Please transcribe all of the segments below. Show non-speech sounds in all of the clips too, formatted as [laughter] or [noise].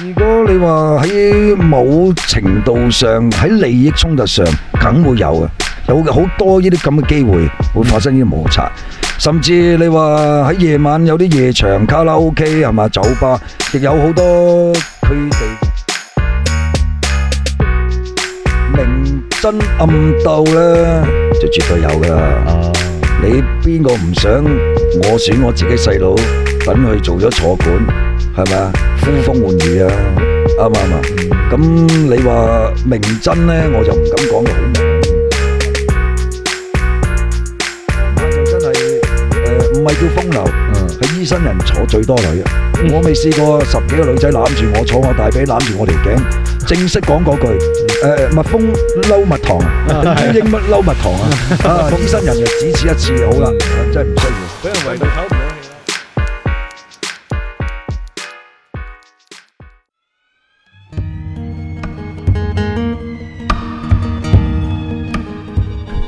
如果你話喺某程度上喺利益衝突上，梗會有嘅，有好多呢啲咁嘅機會會發生啲摩擦，甚至你話喺夜晚有啲夜場卡拉 OK 係嘛，酒吧亦有好多佢哋明爭暗鬥咧，就絕對有噶啦。你邊個唔想我選我自己細佬，等佢做咗坐館，係咪？風風滿意啊，啱嘛啱嘛，咁你話明真咧，我就唔敢講好明。就真係誒，唔係叫風流，係一生人坐最多女啊。我未試過十幾個女仔攬住我坐我大髀，攬住我條頸。正式講嗰句，誒，蜜蜂撈蜜糖，女英蜜撈蜜糖啊。一生人就只此一次好啦，真係唔需要俾人圍到。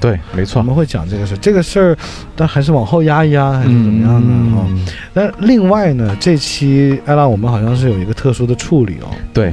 對，沒錯，我們會講這個事，這個事，但還是往後壓一壓，還是怎麼樣的。嗯、哦，那另外呢，這期艾拉，我們好像是有一個特殊的處理哦，對。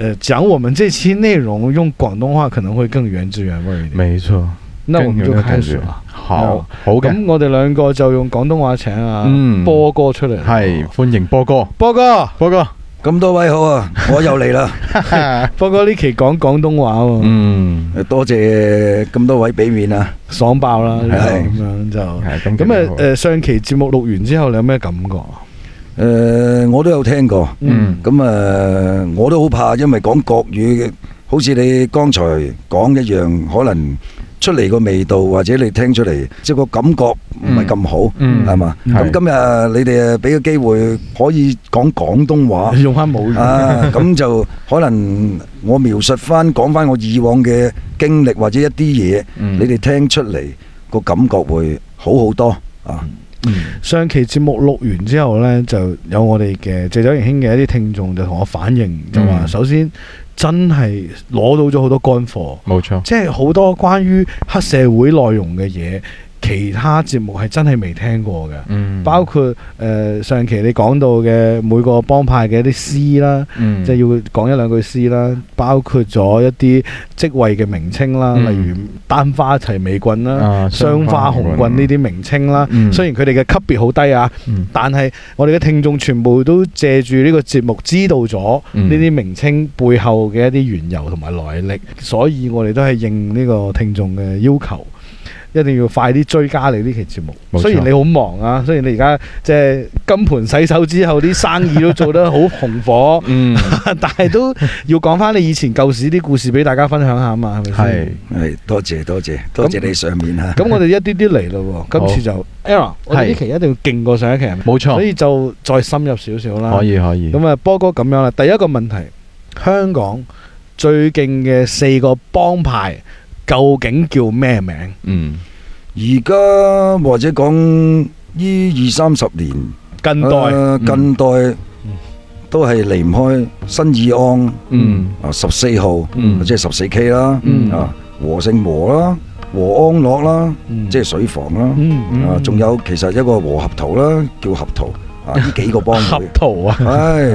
誒，講我們這期內容用廣東話可能會更原汁原味一點。沒錯錯，那我們就開始啦、嗯。好，咁我哋兩個就用廣東話請啊波哥出嚟。係、嗯，歡迎波哥。波哥，波哥，咁多位好啊，我又嚟啦。 [laughs] 波哥呢期講廣東話喎、啊。嗯，多謝咁多位俾面啊，爽爆啦，係咁樣就。咁誒，誒，上期節目錄完之後，你有咩感覺？誒、呃，我都有聽過，咁啊、嗯嗯嗯，我都好怕，因為講國語嘅，好似你剛才講一樣，可能出嚟個味道，或者你聽出嚟，即係個感覺唔係咁好，係嘛？咁今日你哋啊，俾個機會可以講廣東話，用翻母語啊，咁 [laughs] 就可能我描述翻，講翻我以往嘅經歷或者一啲嘢，嗯、你哋聽出嚟個感覺會好好多啊。嗯、上期節目錄完之後呢，就有我哋嘅《醉酒迎兄》嘅一啲聽眾就同我反映，嗯、就話首先真係攞到咗好多乾貨，冇錯錯，即係好多關於黑社會內容嘅嘢。其他節目係真係未聽過嘅，嗯、包括誒、呃、上期你講到嘅每個幫派嘅一啲詩啦，即係、嗯、要講一兩句詩啦，包括咗一啲職位嘅名稱啦，嗯、例如丹花齊眉棍啦、啊、雙花紅棍呢啲名稱啦。嗯、雖然佢哋嘅級別好低啊，嗯、但係我哋嘅聽眾全部都借住呢個節目知道咗呢啲名稱背後嘅一啲緣由同埋來歷，所以我哋都係應呢個聽眾嘅要求。一定要快啲追加你呢期節目，雖然你好忙啊，雖然你而家即係金盆洗手之後啲生意都做得好紅火，嗯，但係都要講翻你以前舊時啲故事俾大家分享下啊嘛，係咪係？多謝多謝多謝你賞面啊。咁我哋一啲啲嚟咯，今次就 Aaron 我哋呢期一定要勁過上一期，冇錯，所以就再深入少少啦。可以可以。咁啊，波哥咁樣啦，第一個問題，香港最勁嘅四個幫派。究竟叫咩名？嗯，而家或者講依二三十年近代，近代都係離唔開新義安，嗯，啊十四號，嗯，即係十四 K 啦，啊和勝和啦，和安樂啦，即係水房啦，啊仲有其實一個和合圖啦，叫合圖啊，呢幾個幫會，合圖啊，唉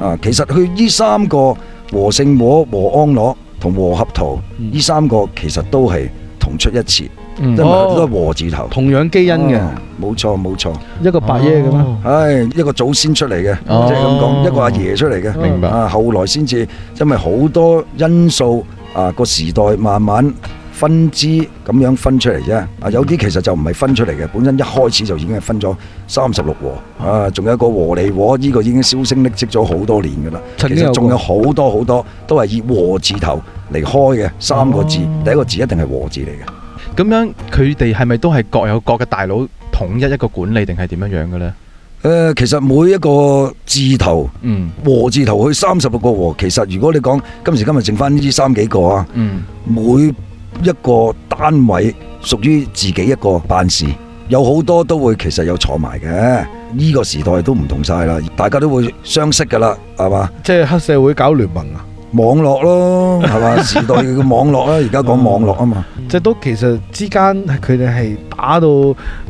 啊，其實去呢三個和勝和、和安樂。同和合圖，呢三個其實都係同出一處，因為、嗯、都係和字頭、哦，同樣基因嘅，冇錯冇錯，錯錯一個伯爺嘅，唉、哦哎、一個祖先出嚟嘅，即係咁講，哦、一個阿爺出嚟嘅，明白，啊、後來先至，因為好多因素啊、這個時代慢慢。分支咁樣分出嚟啫，啊，有啲其實就唔係分出嚟嘅，本身一開始就已經係分咗三十六和，啊，仲有一個和利和，呢、這個已經銷聲匿跡咗好多年噶啦，其實仲有好多好多都係以和字頭嚟開嘅三個字，哦、第一個字一定係和字嚟嘅。咁樣佢哋係咪都係各有各嘅大佬統一一個管理定係點樣樣嘅呢？誒、呃，其實每一個字頭，嗯，和字頭去三十六個和，其實如果你講今時今日剩翻呢三幾個啊，嗯，每一個單位屬於自己一個辦事，有好多都會其實有坐埋嘅。呢個時代都唔同晒啦，大家都會相識噶啦，係嘛？即係黑社會搞聯盟啊，網絡咯，係 [laughs] 嘛？時代嘅網絡啦，而家講網絡啊嘛。即都其實之間，佢哋係打到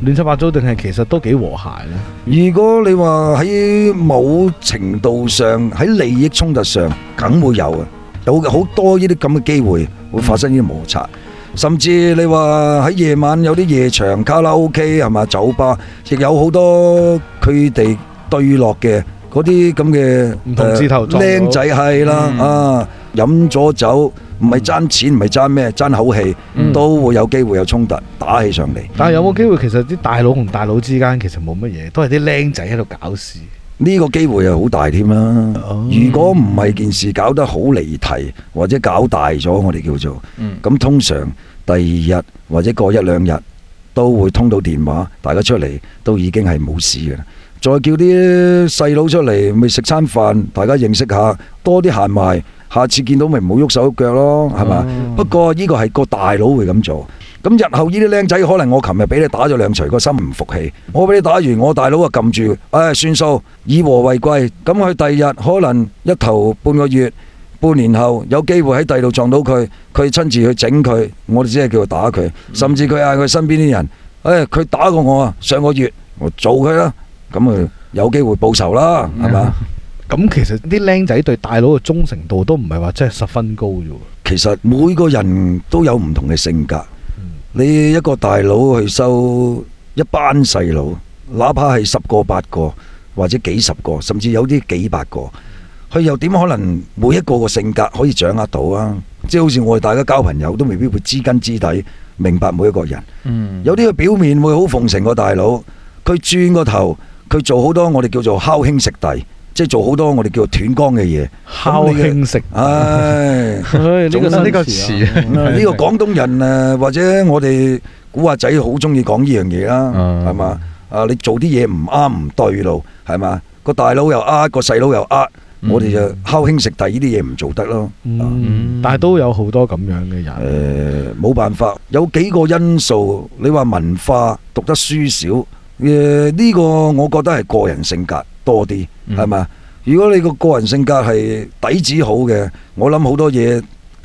亂七八糟，定係其實都幾和諧咧？如果你話喺某程度上喺利益衝突上，梗會有啊。有好多呢啲咁嘅機會會發生呢啲摩擦，甚至你話喺夜晚有啲夜場卡拉 OK 係咪酒吧，亦有好多佢哋對落嘅嗰啲咁嘅同事頭僆仔係啦啊，飲咗酒唔係爭錢唔係爭咩爭口氣，都會有機會有衝突打起上嚟。但有冇機會其實啲大佬同大佬之間其實冇乜嘢，都係啲僆仔喺度搞事。呢個機會係好大添啦。如果唔係件事搞得好離題，或者搞大咗，我哋叫做咁，通常第二日或者過一兩日都會通到電話，大家出嚟都已經係冇事嘅。再叫啲細佬出嚟，咪食餐飯，大家認識下，多啲行埋，下次見到咪唔好喐手喐腳咯，係嘛？嗯、不過呢個係個大佬會咁做。咁日後呢啲僆仔，可能我琴日俾你打咗兩錘，個心唔服氣。我俾你打完，我大佬啊撳住，唉、哎，算數，以和為貴。咁佢第二日可能一頭半個月、半年後有機會喺第二度撞到佢，佢親自去整佢。我哋只係叫佢打佢，嗯、甚至佢嗌佢身邊啲人，誒、哎、佢打過我啊，上個月我做佢啦，咁啊有機會報仇啦，係嘛？咁其實啲僆仔對大佬嘅忠誠度都唔係話真係十分高啫。嗯、其實每個人都有唔同嘅性格。你一個大佬去收一班細佬，哪怕係十個八個，或者幾十個，甚至有啲幾百個，佢又點可能每一個個性格可以掌握到啊？即係好似我哋大家交朋友都未必會知根知底，明白每一個人。嗯，有啲個表面會好奉承個大佬，佢轉個頭佢做好多我哋叫做敲兄食弟，即係做好多我哋叫做斷光嘅嘢，敲輕食，唉，呢個呢個詞，呢個廣東人啊，或者我哋古惑仔好中意講呢樣嘢啦，係嘛？啊，你做啲嘢唔啱唔對路，係嘛？個大佬又呃，個細佬又呃，我哋就敲輕食，但係呢啲嘢唔做得咯，但係都有好多咁樣嘅人。誒，冇辦法，有幾個因素，你話文化讀得書少，誒呢個我覺得係個人性格。多啲，係嘛？如果你個個人性格係底子好嘅，我諗好多嘢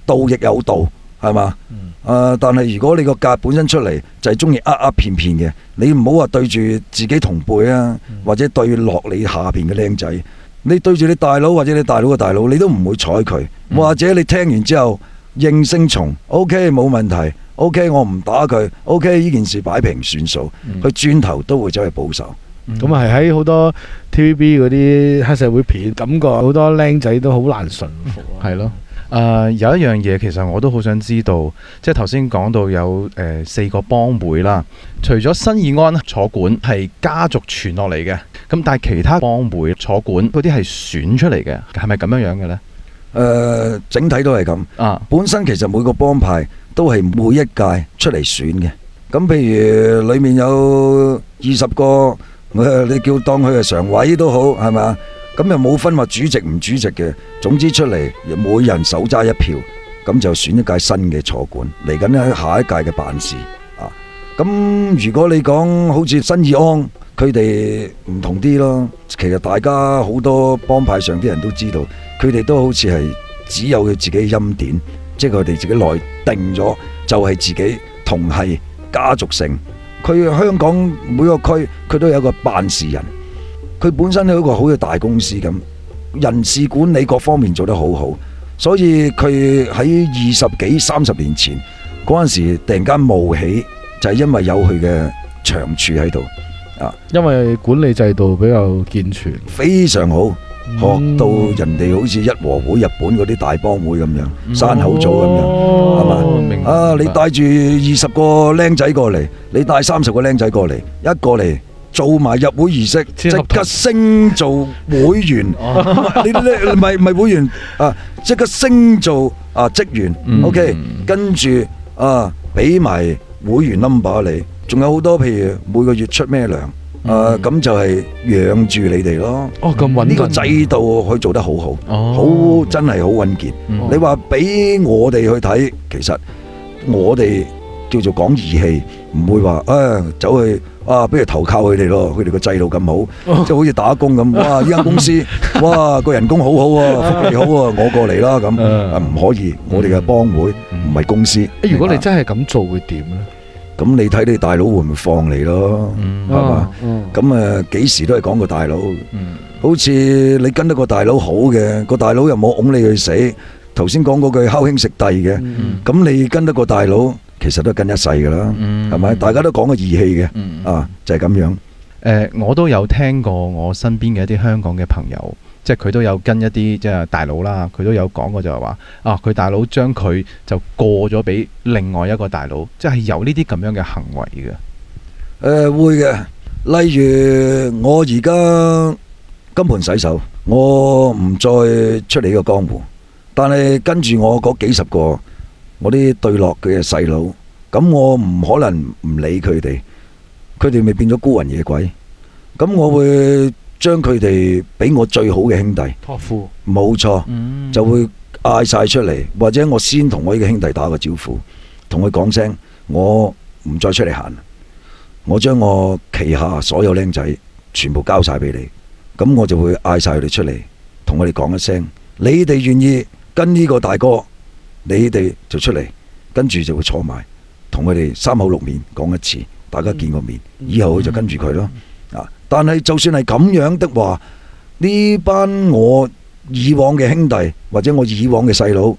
道亦有道，係嘛？啊、嗯呃！但係如果你個格本身出嚟就係中意呃呃騙騙嘅，你唔好話對住自己同輩啊，嗯、或者對落你下邊嘅靚仔，你對住你大佬或者你大佬嘅大佬，你都唔會睬佢，嗯、或者你聽完之後應聲從，OK 冇問題，OK 我唔打佢，OK 呢件事擺平算數，佢轉、嗯、頭都會走去報仇。咁啊，係喺好多 T.V.B. 嗰啲黑社會片，感覺好多僆仔都好難馴服、嗯。係咯，誒、呃、有一樣嘢其實我都好想知道，即係頭先講到有誒、呃、四個幫會啦，除咗新義安坐館係家族傳落嚟嘅，咁但係其他幫會坐館嗰啲係選出嚟嘅，係咪咁樣樣嘅呢？誒、呃，整體都係咁啊。本身其實每個幫派都係每一屆出嚟選嘅。咁譬如裡面有二十個。你叫當佢係常委都好，係咪啊？咁又冇分話主席唔主席嘅，總之出嚟，每人手揸一票，咁就選一屆新嘅坐館，嚟緊喺下一屆嘅辦事啊！咁如果你講好似新義安，佢哋唔同啲咯，其實大家好多幫派上啲人都知道，佢哋都好似係只有佢自己欽點，即係佢哋自己內定咗，就係、是、自己同係家族性。佢香港每個區佢都有一個辦事人，佢本身都有一個好似大公司咁，人事管理各方面做得好好，所以佢喺二十幾三十年前嗰陣時突然間冒起，就係、是、因為有佢嘅長處喺度啊，因為管理制度比較健全，非常好。學到人哋好似一和會、日本嗰啲大幫會咁樣，山口組咁樣，係嘛？啊，你帶住二十個僆仔過嚟，你帶三十個僆仔過嚟，一過嚟做埋入會儀式，即刻升做會員。你你唔係唔係會員啊？即刻升做啊職員。嗯、OK，跟住啊，俾埋會員 number 你。仲有好多譬如每個月出咩糧？誒咁就係養住你哋咯。哦，咁穩。呢個制度可以做得好好，好真係好穩健。你話俾我哋去睇，其實我哋叫做講義氣，唔會話啊走去啊，不如投靠佢哋咯。佢哋個制度咁好，即係好似打工咁。哇！呢間公司，哇個人工好好喎，福利好喎，我過嚟啦咁。唔可以，我哋嘅幫會唔係公司。誒，如果你真係咁做，會點咧？咁你睇你大佬會唔會放你咯，係嘛？咁，誒，幾時都係講、嗯、個大佬。好似你跟得個大佬好嘅，個大佬又冇拱你去死。頭先講嗰句，敲兄食弟嘅。咁、嗯、你跟得個大佬，其實都係跟一世噶啦，係咪、嗯？大家都講個義氣嘅，嗯、啊，就係、是、咁樣。誒、呃，我都有聽過我身邊嘅一啲香港嘅朋友。即係佢都有跟一啲即係大佬啦，佢都有講過就係話，啊佢大佬將佢就過咗俾另外一個大佬，即係有呢啲咁樣嘅行為嘅。誒會嘅，例如我而家金盆洗手，我唔再出嚟個江湖，但係跟住我嗰幾十個我啲對落佢嘅細佬，咁我唔可能唔理佢哋，佢哋咪變咗孤魂野鬼，咁我會，將佢哋俾我最好嘅兄弟託付，冇錯，就會嗌晒出嚟，嗯、或者我先同我呢個兄弟打個招呼，同佢講聲我唔再出嚟行，我將我旗下所有僆仔全部交晒俾你，咁我就會嗌晒佢哋出嚟，同佢哋講一聲，你哋願意跟呢個大哥，你哋就出嚟，跟住就會坐埋，同佢哋三口六面講一次，大家見過面，嗯嗯、以後佢就跟住佢咯。嗯但係就算係咁樣的話，呢班我以往嘅兄弟或者我以往嘅細佬，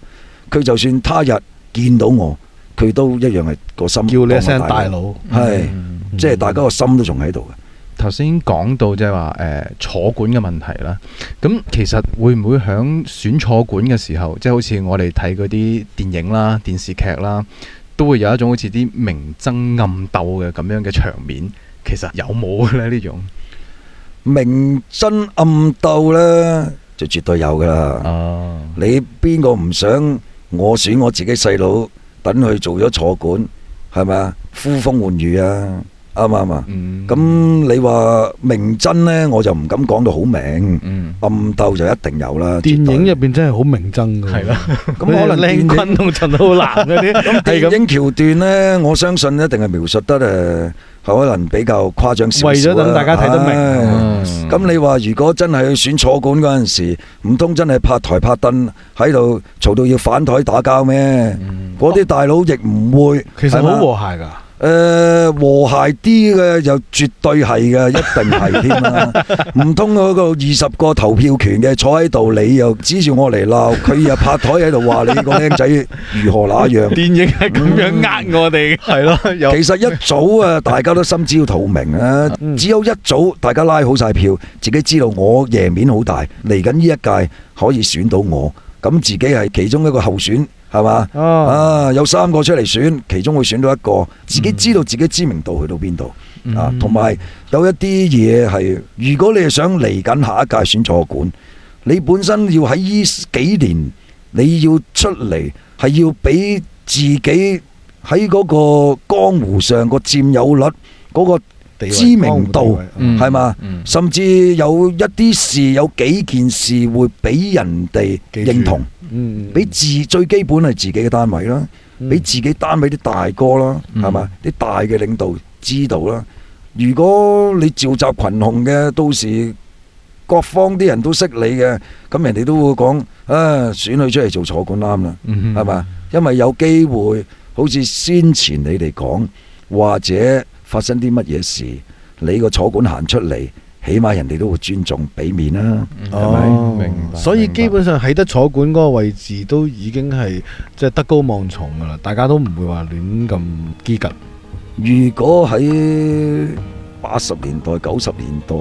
佢就算他日見到我，佢都一樣係個心叫你一聲大佬，係即係大家個心都仲喺度嘅。頭先講到即係話誒坐館嘅問題啦，咁其實會唔會喺選坐館嘅時候，即係好似我哋睇嗰啲電影啦、電視劇啦，都會有一種好似啲明爭暗鬥嘅咁樣嘅場面，其實有冇呢？呢種？明爭暗鬥咧，就絕對有噶啦，啊、你邊個唔想我選我自己細佬，等佢做咗坐館，係咪啊？呼風喚雨啊，啱嘛啱嘛？咁你話明爭呢，我就唔敢講到好明，嗯、暗鬥就一定有啦。嗯、電影入邊真係好明爭噶。係啦的，咁 [laughs] 可能靚坤同陳浩南嗰啲。咁電影橋 [laughs] 段呢，我相信一定係描述得誒。可能比較誇張少少，為咗等大家睇得明，咁你話如果真係去選坐館嗰陣時，唔通真係拍台拍燈喺度嘈到要反台打交咩？嗰啲、嗯、大佬亦唔會、哦，其實好和諧㗎。嗎誒、呃，和諧啲嘅就絕對係嘅，一定係添啦。唔通嗰個二十個投票權嘅坐喺度，你又指住我嚟鬧，佢又拍台喺度話你個僆仔如何那樣？ [laughs] 電影係咁樣呃，我哋，係咯？其實一早啊，大家都心知肚明啊， [laughs] 只有一早大家拉好晒票，自己知道我贏面好大，嚟緊呢一屆可以選到我，咁自己係其中一個候選。係嘛？Oh. 啊，有三個出嚟選，其中會選到一個，自己知道自己知名度去到邊度，mm hmm. 啊，同埋有，有一啲嘢係，如果你係想嚟緊下一屆選坐館，你本身要喺呢幾年，你要出嚟係要俾自己喺嗰個江湖上個佔有率嗰，那個知名度係嘛，甚至有一啲事，有幾件事會俾人哋認同，俾、嗯嗯、自最基本係自己嘅單位啦，俾、嗯、自己單位啲大哥啦，係嘛，啲、嗯、大嘅領導知道啦。如果你召集群雄嘅，到時各方啲人都識你嘅，咁人哋都會講啊，選佢出嚟做坐管啱啦，係嘛、嗯？因為有機會，好似先前你哋講或者。發生啲乜嘢事，你個坐館行出嚟，起碼人哋都會尊重、俾面啦、啊，係咪？哦、明白所以基本上喺得白坐館嗰個位置，都已經係即係德高望重噶啦，大家都唔會話亂咁激格，如果喺八十年代、九十年代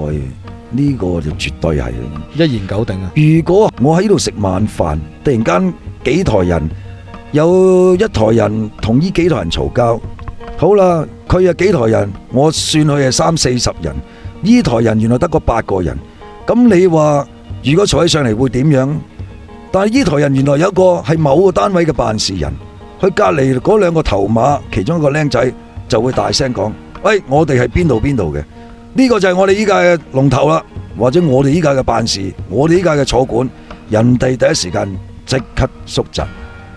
呢、這個就絕對係一言九鼎啊！如果我喺度食晚飯，突然間幾台人有一台人同呢幾台人嘈交。好啦，佢有幾台人，我算佢係三四十人。呢台人原來得個八個人，咁你話如果坐起上嚟會點樣？但係呢台人原來有一個係某個單位嘅辦事人，佢隔籬嗰兩個頭馬其中一個僆仔就會大聲講：喂，哎，我哋係邊度邊度嘅？呢，這個就係我哋依家嘅龍頭啦，或者我哋依家嘅辦事，我哋依家嘅坐館，人哋第一時間即刻縮陣，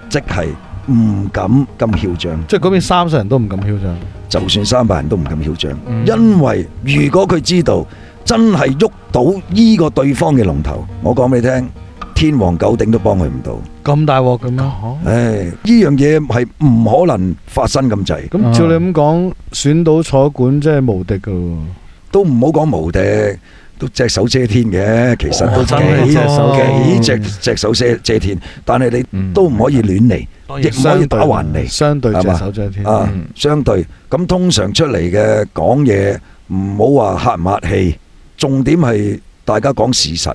即係。唔敢咁囂張，即係嗰邊三十人都唔敢囂張，就算三百人都唔敢囂張，嗯、因為如果佢知道真係喐到呢個對方嘅龍頭，我講俾你聽，天王九鼎都幫佢唔到，咁大鑊咁樣，啊、唉，呢樣嘢係唔可能發生咁滯。咁照你咁講，嗯、選到坐館真係無敵噶，都唔好講無敵。隻手遮天嘅，其實都幾隻隻手遮遮天，但係你都唔可以亂嚟，亦唔可以打橫嚟，相對隻手遮天。啊，相對咁通常出嚟嘅講嘢，唔好話客唔客氣，重點係大家講事實，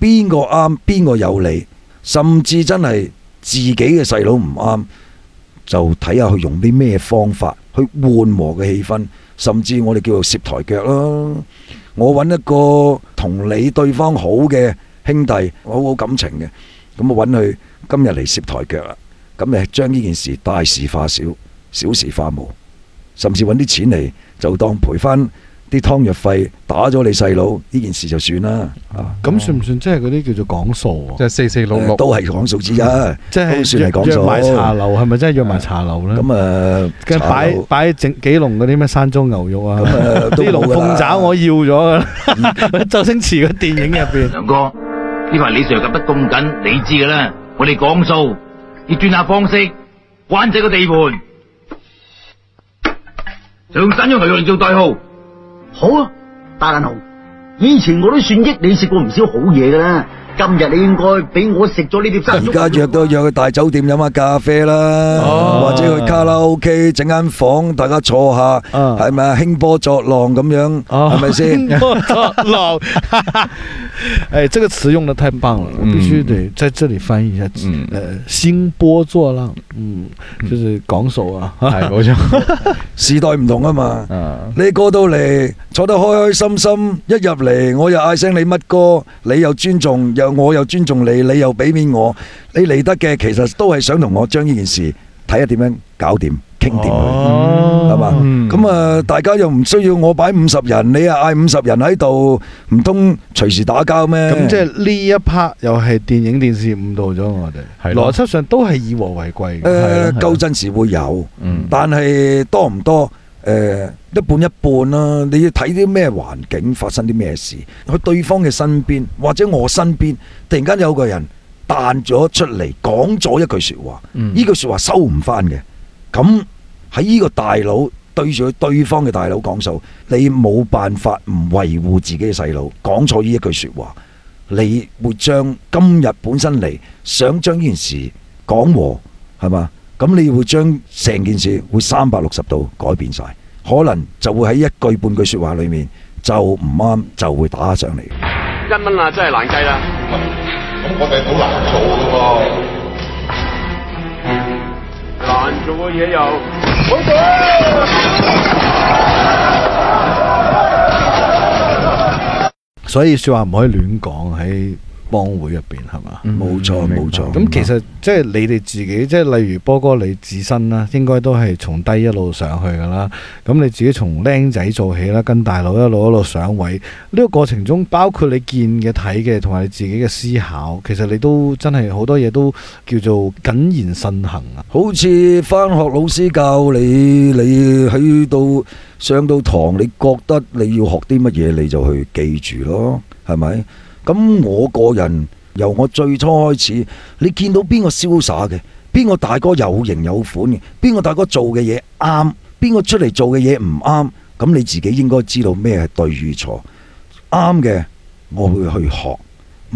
邊個啱，邊個有利，甚至真係自己嘅細佬唔啱，就睇下佢用啲咩方法去緩和嘅氣氛，甚至我哋叫做攝台腳囉。我揾一個同你對方好嘅兄弟，好好感情嘅，咁我揾佢今日嚟攝台腳喇。咁你將呢件事大事化小，小事化無，甚至揾啲錢嚟就當賠翻啲湯藥費，打咗你細佬呢件事就算啦。咁算唔算即係嗰啲叫做講數啊？即係四四六六都係講數之一，都算係講數。約埋茶樓係咪真係約埋茶樓咧？咁啊，跟住擺擺整幾籠嗰啲咩山中牛肉啊，啲籠鳳爪我要咗啦。周星馳嘅電影入邊，梁哥，呢排你上夾得咁緊，你知噶啦。我哋講數要轉下方式，關仔個地盤，上山用牛肉嚟做代號。好啊，大眼雄，以前我都算益你食過唔少好嘢噶啦。今日你應該俾我食咗呢碟汁。而家約都約去大酒店飲下咖啡啦，或者去卡拉 OK 整間房，大家坐下，係咪啊？興波作浪咁樣，係咪先？興波作浪，誒，這個詞用得太棒了，我必須得在這裏翻譯一下。誒，興波作浪，嗯，就是講數啊，係 𠮶 種，時代唔同啊嘛。你過到嚟坐得開開心心，一入嚟我又嗌聲你乜歌，你又尊重又。我又尊重你，你又俾面我，你嚟得嘅，其實都係想同我將呢件事睇下點樣搞掂，傾掂佢，係嘛，哦吧？咁啊，大家又唔需要我擺五十人，你又嗌五十人喺度，唔通隨時打交咩？咁，嗯嗯嗯，即係呢一 part 又係電影、電視誤導咗我哋，嗯，的邏輯上都係以和為貴。誒，嗯，夠陣時會有，但係多唔多？誒、呃，一半一半啦、啊，你要睇啲咩環境，發生啲咩事。去對方嘅身邊，或者我身邊，突然間有個人彈咗出嚟，講咗一句説話，呢、嗯、句説話收唔返嘅。咁喺呢個大佬對住對方嘅大佬講數，你冇辦法唔維護自己嘅細佬，講錯呢一句説話，你會將今日本身嚟想將呢件事講和，係嘛？咁你會將成件事會三百六十度改變曬，可能就會喺一句半句説話裡面就唔啱，就會打上嚟。一蚊啊，真係難計啦！咁我哋好難做㗎喎，難做嘅嘢又。所以説話唔可以亂講喺。幫會入邊係嘛？冇錯冇錯。咁、嗯嗯、其實、嗯、即係你哋自己，即係例如波哥你自身啦，應該都係從低一路上去噶啦。咁你自己從靚仔做起啦，跟大佬一路一路上位。呢、這個過程中，包括你見嘅、睇嘅，同埋你自己嘅思考，其實你都真係好多嘢都叫做謹言慎行啊。好似翻學老師教你，你去到上到堂，你覺得你要學啲乜嘢，你就去記住咯，係咪？嗯咁我個人由我最初開始，你見到邊個瀟灑嘅，邊個大哥有型有款嘅，邊個大哥做嘅嘢啱，邊個出嚟做嘅嘢唔啱，咁你自己應該知道咩係對與錯，啱嘅我會去學，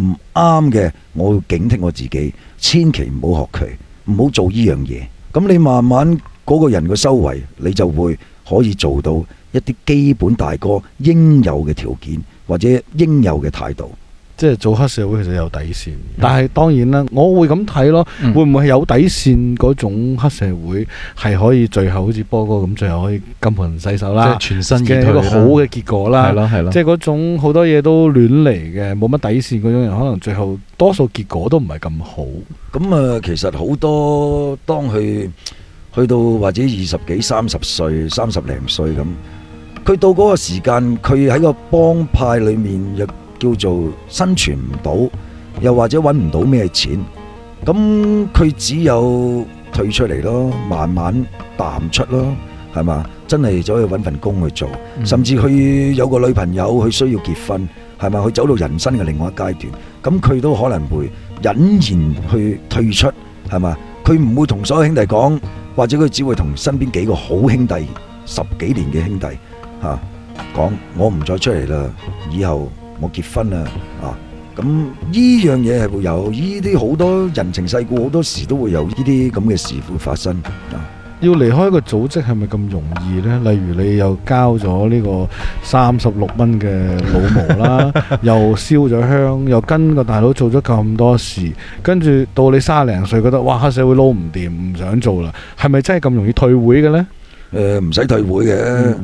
唔啱嘅我會警惕我自己，千祈唔好學佢，唔好做依樣嘢。咁你慢慢嗰個人嘅修為，你就會可以做到一啲基本大哥應有嘅條件或者應有嘅態度。即係做黑社會其實有底線，但係當然啦，我會咁睇咯，會唔會係有底線嗰種黑社會係可以最後好似波哥咁，最後可以金盆洗手啦，即係全新嘅一個好嘅結果啦。係咯係咯，即係嗰種好多嘢都亂嚟嘅，冇乜底線嗰種人，可能最後多數結果都唔係咁好。咁啊、嗯，其實好多當佢去，去到或者二十幾、三十歲、三十零歲咁，佢到嗰個時間，佢喺個幫派裡面叫做生存唔到，又或者揾唔到咩錢，咁佢只有退出嚟咯，慢慢淡出咯，係嘛？真係走去揾份工去做，甚至佢有個女朋友，佢需要結婚，係咪？佢走到人生嘅另外一階段，咁佢都可能會隱然去退出，係嘛？佢唔會同所有兄弟講，或者佢只會同身邊幾個好兄弟、十幾年嘅兄弟嚇講，我唔再出嚟啦，以後。我結婚啦，啊咁依樣嘢係會有，依啲好多人情世故，好多時都會有依啲咁嘅事會發生啊！要離開個組織係咪咁容易咧？例如你又交咗呢個三十六蚊嘅老母啦，又燒咗香，又跟個大佬做咗咁多事，跟住到你三廿零歲覺得哇，黑社會撈唔掂，唔想做啦，係咪真係咁容易退會嘅咧？誒，唔使退會嘅。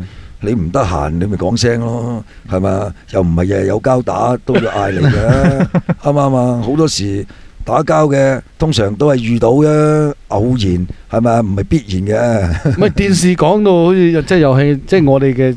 你唔得閒，你咪講聲咯，係嘛？又唔係日日有交打都要嗌你嘅，啱唔啱？好多時打交嘅，通常都係遇到嘅偶然，係咪？唔係必然嘅。唔 [laughs] 係電視講到好似即係遊戲即係我哋嘅。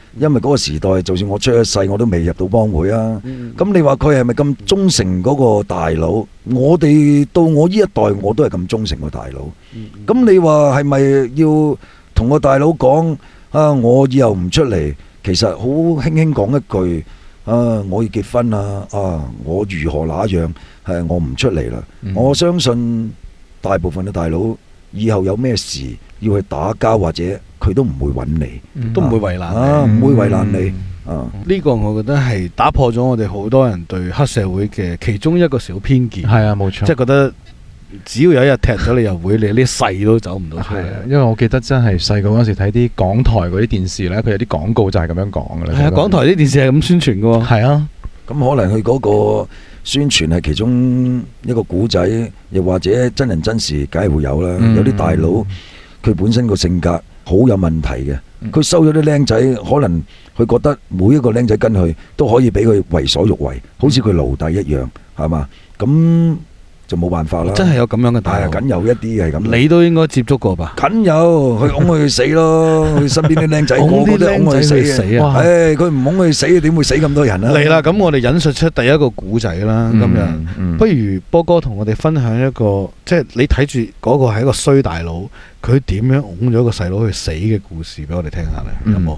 因為嗰個時代，就算我出咗世，我都未入到幫會啊。咁你話佢係咪咁忠誠嗰個大佬？我哋到我呢一代，我都係咁忠誠個大佬。咁你話係咪要同個大佬講啊？我以後唔出嚟，其實好輕輕講一句啊！我要結婚啦！啊，我如何那樣？係我唔出嚟啦！我相信大部分嘅大佬以後有咩事要去打交或者。佢都唔會揾你，都唔會為難你，唔會為難你。啊，呢個我覺得係打破咗我哋好多人對黑社會嘅其中一個小偏見。係啊，冇錯。即係覺得只要有一日踢咗你入會，你呢世都走唔到出嚟。因為我記得真係細個嗰陣時睇啲港台嗰啲電視呢，佢有啲廣告就係咁樣講㗎啦。港台啲電視係咁宣傳㗎喎。係啊，咁可能佢嗰個宣傳係其中一個古仔，又或者真人真事，梗係會有啦。有啲大佬佢本身個性格。好有問題嘅，佢收咗啲靚仔，可能佢覺得每一個靚仔跟佢都可以俾佢為所欲為，好似佢奴隸一樣，係嘛？咁。就冇辦法啦！真係有咁樣嘅大，僅有一啲係咁。你都應該接觸過吧？僅有佢㧬佢去死咯，佢身邊啲靚仔。我啲靚仔死死啊！誒，佢唔㧬佢死，點會死咁多人啊？嚟啦！咁我哋引述出第一個古仔啦。咁樣，不如波哥同我哋分享一個，即係你睇住嗰個係一個衰大佬，佢點樣㧬咗個細佬去死嘅故事俾我哋聽下咧？有冇？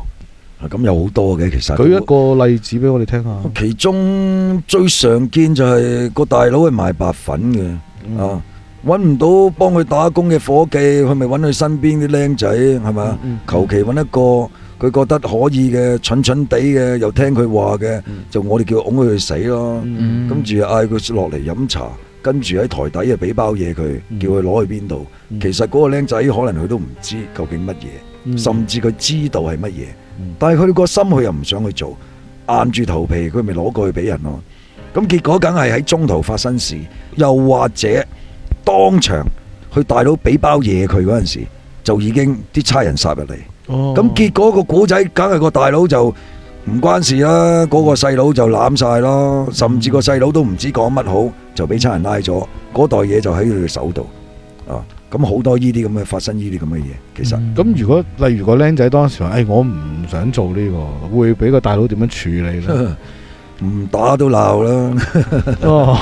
咁有好多嘅，其實舉一個例子俾我哋聽下。其中最常見就係個大佬係賣白粉嘅，嗯、啊，搵唔到幫佢打工嘅伙計，佢咪搵佢身邊啲僆仔，係咪？求其搵一個，佢覺得可以嘅，蠢蠢地嘅，又聽佢話嘅，嗯、就我哋叫㧬佢去死咯。嗯嗯，跟住嗌佢落嚟飲茶，跟住喺台底啊俾包嘢佢，叫佢攞去邊度。嗯嗯，其實嗰個僆仔可能佢都唔知究竟乜嘢，嗯、甚至佢知道係乜嘢。但係佢個心，佢又唔想去做，硬住頭皮，佢咪攞過去俾人咯。咁結果梗係喺中途發生事，又或者當場，佢大佬俾包嘢佢嗰陣時，就已經啲差人殺入嚟。咁結果個古仔，梗係個大佬就唔關事啦，嗰個細佬就攬晒咯，甚至個細佬都唔知講乜好，就俾差人拉咗，嗰袋嘢就喺佢嘅手度啊。咁好多呢啲咁嘅發生呢啲咁嘅嘢，其實咁、嗯、如果例如個僆仔當時話，誒，我唔想做呢、這個，會俾個大佬點樣處理咧？唔 [laughs] 打都鬧啦。 [laughs] 哦，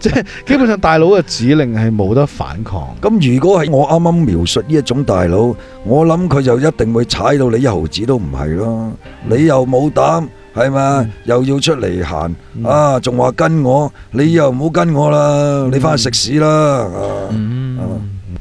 即係基本上大佬嘅指令係冇得反抗。咁 [laughs] 如果係我啱啱描述呢一種大佬，我諗佢就一定會踩到你一毫子都唔係咯。你又冇膽係嘛？嗯、又要出嚟行啊？仲話跟我？你又唔好跟我啦！你翻去食屎啦！啊！嗯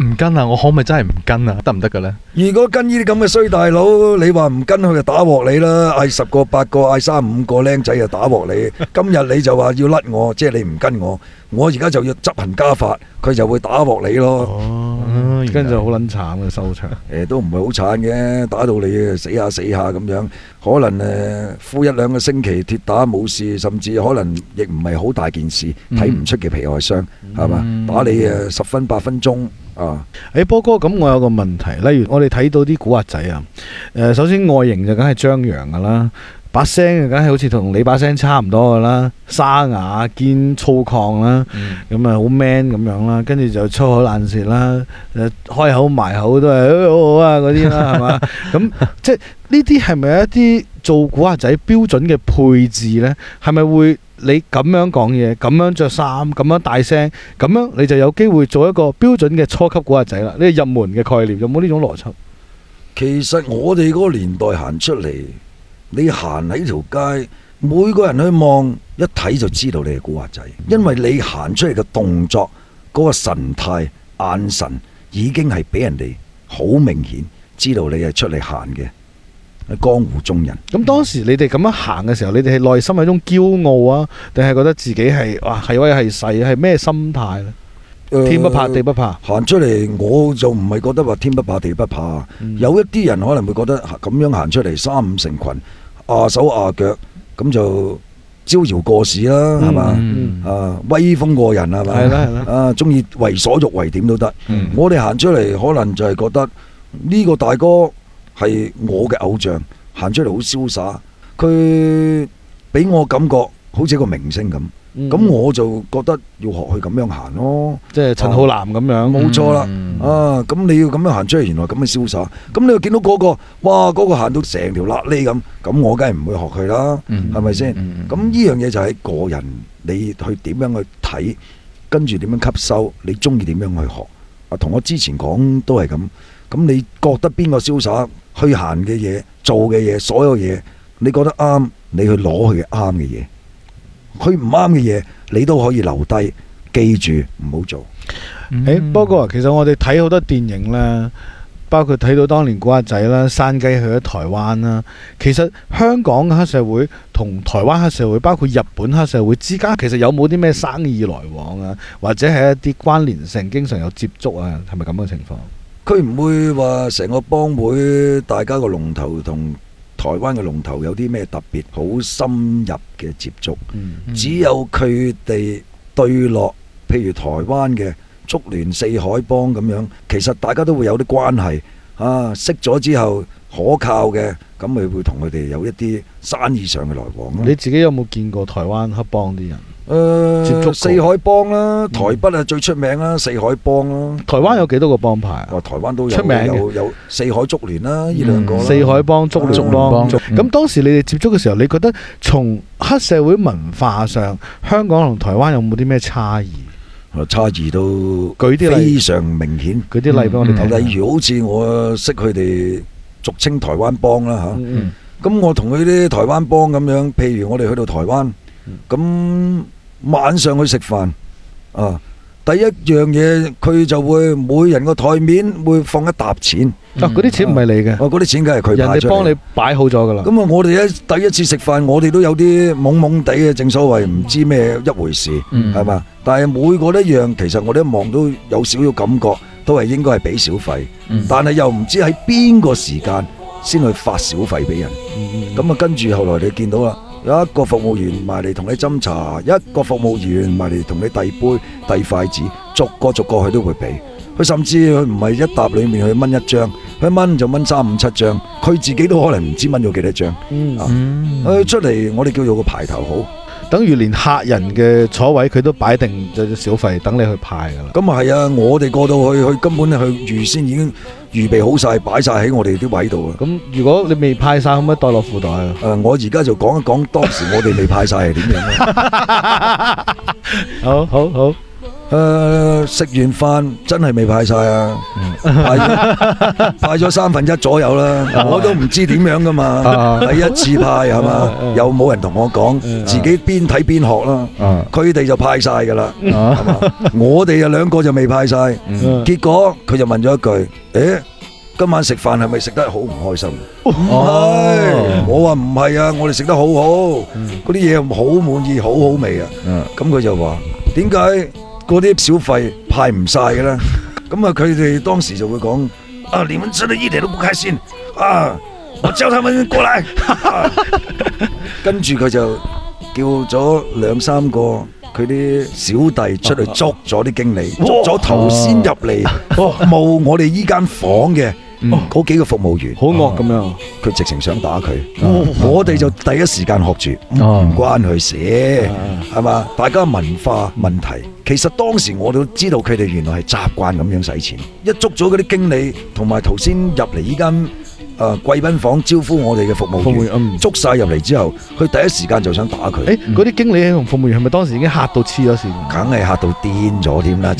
唔跟啊，我可唔可以真係唔跟啊？得唔得㗎呢？如果跟呢啲咁嘅衰大佬，你話唔跟佢就打鑊你啦，嗌十個八個，嗌三五個靚仔就打鑊你。 [laughs] 今日你就話要甩我，即係你唔跟我，我而家就要執行家法，佢就會打鑊你咯。跟、哦呃、就好捻慘嘅收場。 [laughs] 呃、都唔係好慘嘅，打到你死下死下咁樣，可能誒敷、呃、一兩個星期跌打冇事，甚至可能亦唔係好大件事，睇唔、嗯、出嘅皮外傷係嘛？打你誒十分八分鐘。啊！誒、嗯、波哥，咁我有個問題，例如我哋睇到啲古惑仔啊，誒、呃、首先外形就梗係張揚噶啦，把聲就梗係好似同你把聲差唔多噶啦，沙啞、兼粗獷啦，咁啊好 man 咁樣啦，跟住就粗口爛舌啦，誒開口埋口都係好好啊嗰啲啦，係嘛？ [laughs] 咁即係呢啲係咪一啲做古惑仔標準嘅配置呢？係咪會？你咁樣講嘢，咁樣着衫，咁樣大聲，咁樣你就有機會做一個標準嘅初級古惑仔啦。呢個入門嘅概念有冇呢種邏輯？其實我哋嗰個年代行出嚟，你行喺條街，每個人去望一睇就知道你係古惑仔，因為你行出嚟嘅動作、嗰個神態、眼神，已經係俾人哋好明顯知道你係出嚟行嘅。江湖中人，咁當時你哋咁樣行嘅時候，你哋係內心係一種驕傲啊，定係覺得自己係哇係威係勢係咩心態咧？誒，天不怕地不怕，行出嚟我就唔係覺得話天不怕地不怕，有一啲人可能會覺得咁樣行出嚟三五成群，啊手啊腳咁就招搖過市啦，係嘛，啊威風過人係嘛，啊鍾意為所欲為點都得，我哋行出嚟可能就係覺得呢個大哥。係我嘅偶像，行出嚟好瀟灑，佢俾我感覺好似一個明星咁，咁我就覺得要學佢咁樣行咯。即係陳浩南咁樣，冇錯啦。啊，咁你要咁樣行出嚟，原來咁嘅瀟灑。咁你又見到嗰個，哇，嗰個行到成條喇喱咁，咁我梗係唔會學佢啦，係咪先？咁呢樣嘢就係個人，你去點樣去睇，跟住點樣吸收，你中意點樣去學。啊，同我之前講都係咁。咁你覺得邊個瀟灑？去行嘅嘢，做嘅嘢，所有嘢，你覺得啱，你去攞佢啱嘅嘢。佢唔啱嘅嘢，你都可以留低，記住唔好做。誒，嗯嗯，欸，不過其實我哋睇好多電影啦，包括睇到當年古惑仔啦、山雞去咗台灣啦。其實香港嘅黑社會同台灣黑社會，包括日本黑社會之間，其實有冇啲咩生意來往啊？或者係一啲關聯性，經常有接觸啊？係咪咁嘅情況？佢唔會話成個幫會大家個龍頭同台灣嘅龍頭有啲咩特別好深入嘅接觸，嗯嗯、只有佢哋對落，譬如台灣嘅竹聯四海幫咁樣，其實大家都會有啲關係啊，識咗之後可靠嘅，咁咪會同佢哋有一啲生意上嘅來往咯。你自己有冇見過台灣黑幫啲人？誒，接觸四海幫啦，台北啊最出名啦，四海幫啦。台灣有幾多個幫派啊？台灣都有出名，有四海竹聯啦，呢兩個。四海幫竹聯咯。咁當時你哋接觸嘅時候，你覺得從黑社會文化上，香港同台灣有冇啲咩差異？啊，差異都，舉啲例，非常明顯。舉啲例俾我哋睇。例如好似我識佢哋俗稱台灣幫啦嚇，咁我同佢啲台灣幫咁樣，譬如我哋去到台灣，咁。晚上去食飯，啊，第一樣嘢佢就會每人個台面會放一沓錢，嗰啲錢唔係你嘅，啊，嗰啲錢梗係佢人哋幫你擺好咗噶啦。咁啊，嗯、我哋一第一次食飯，我哋都有啲懵懵地嘅，正所謂唔知咩一回事，係嘛？嗯、但係每一個一樣，其實我哋一望都有少少感覺，都係應該係俾小費，嗯、但係又唔知喺邊個時間先去發小費俾人。咁啊，跟住後，後來你見到啦。有一個服務員埋嚟同你斟茶，一個服務員埋嚟同你遞杯、遞筷子，逐個逐個佢都會俾。佢甚至佢唔係一沓裏面去掹一張，佢掹就掹三五七張，佢自己都可能唔知掹咗幾多張、嗯、啊！佢、嗯、出嚟，我哋叫做個排頭好。等於連客人嘅坐位佢都擺定咗小費等你去派噶啦。咁啊係啊，我哋過到去，佢根本佢預先已經預備好晒，擺晒喺我哋啲位度啊。咁如果你未派晒，可唔可以代落褲袋啊？誒、呃，我而家就講一講當時我哋未派晒係點樣。好好好。誒，食完飯真係未派晒啊，派派咗三分一左右啦，我都唔知點樣噶嘛，第一次派係嘛，又冇人同我講，自己邊睇邊學啦，佢哋就派晒噶啦，係嘛，我哋就兩個就未派晒，結果佢就問咗一句。誒，今晚食飯係咪食得好唔開心？係，我話唔係啊，我哋食得好好，嗰啲嘢，好滿意，好好味啊，咁佢就話，點解？嗰啲小費派唔晒㗎啦，咁啊佢哋當時就會講：啊，你們真係一點都不開心啊！我叫他們過來，跟住佢就叫咗兩三個佢啲小弟出去捉咗啲經理，捉咗頭先入嚟冇我哋依間房嘅嗰幾個服務員，好惡咁樣，佢直情想打佢，我哋就第一時間學住唔關佢事，係嘛？大家文化問題。其實當時我都知道佢哋原來係習慣咁樣使錢，一捉咗嗰啲經理同埋頭先入嚟呢間誒貴賓房招呼我哋嘅服務員，捉晒入嚟之後，佢第一時間就想打佢。誒，嗰啲經理同服務員係咪當時已經嚇到黐咗線？梗係嚇到癲咗添啦！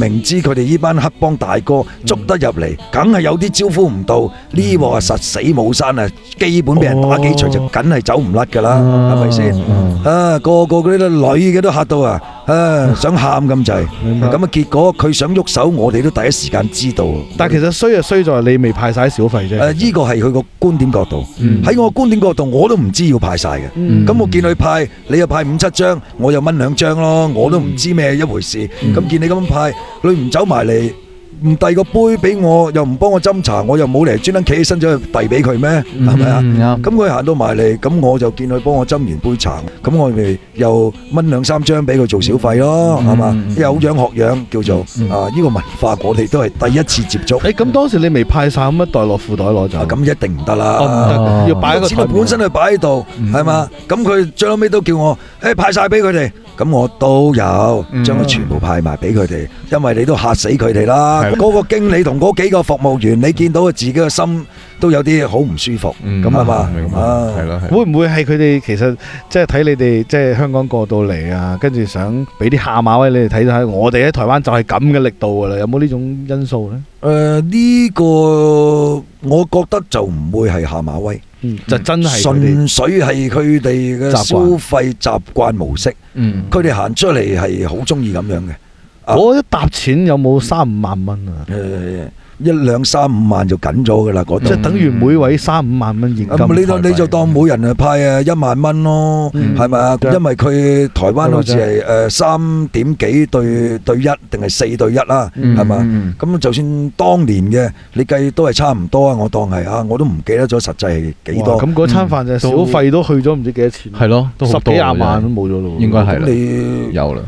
明知佢哋呢班黑幫大哥捉得入嚟，梗係有啲招呼唔到，呢鑊實死冇生啊！基本俾人打幾錘就梗係走唔甩㗎喇，係咪先？啊，個個嗰啲女嘅都嚇到啊！誒，想喊咁滯，咁啊明白，結果佢想喐手，我哋都第一時間知道。嗯、但係其實衰就衰在你未派晒小費啫。誒、呃，呢個係佢個觀點角度，喺、嗯、我觀點角度，我都唔知要派晒嘅。咁、嗯、我見佢派，你又派五七張，我又掹兩張咯，我都唔知咩一回事。咁、嗯、見你咁樣派，佢唔走埋嚟。唔遞個杯俾我，又唔幫我斟茶，我又冇嚟專登企起身走去遞俾佢咩？係咪啊？咁佢行到埋嚟，咁我就見佢幫我斟完杯茶，咁我咪又掹兩三張俾佢做小費咯，係嘛？有樣學樣叫做啊，呢個文化我哋都係第一次接觸。誒，咁當時你未派晒，咁一袋落褲袋攞走，咁一定唔得啦，要擺一個。錢我本身去擺喺度，係嘛？咁佢最後尾都叫我，誒，派晒俾佢哋。咁我都有，將佢全部派埋俾佢哋，因為你都嚇死佢哋啦。嗰個經理同嗰幾個服務員，你見到佢自己嘅心都有啲好唔舒服，咁係嘛？係咯係。會唔會係佢哋其實即係睇你哋即係香港過到嚟啊？跟住想俾啲下馬威你哋睇睇？我哋喺台灣就係咁嘅力度噶啦，有冇呢種因素咧？誒，呢個我覺得就唔會係下馬威。嗯、就真係純粹係佢哋嘅消費習慣模式，佢哋行出嚟係好中意咁樣嘅。我、嗯啊、一沓錢有冇三五萬蚊啊？嗯一兩三五萬就緊咗㗎啦，嗰度、嗯、即係等於每位三五萬蚊現金。咁你就你就當每人去派啊一萬蚊咯，係咪啊？吧嗯、因為佢台灣好似係誒三點幾對一，一、嗯、對一定係四對一啦，係嘛吧？咁、嗯、就算當年嘅你計都係差唔多啊，我當係啊，我都唔記得咗實際係幾多。咁嗰餐飯就小費都去咗唔知幾多錢。係咯、嗯，嗯、幾十幾廿萬都冇咗咯。應該係。你有啦，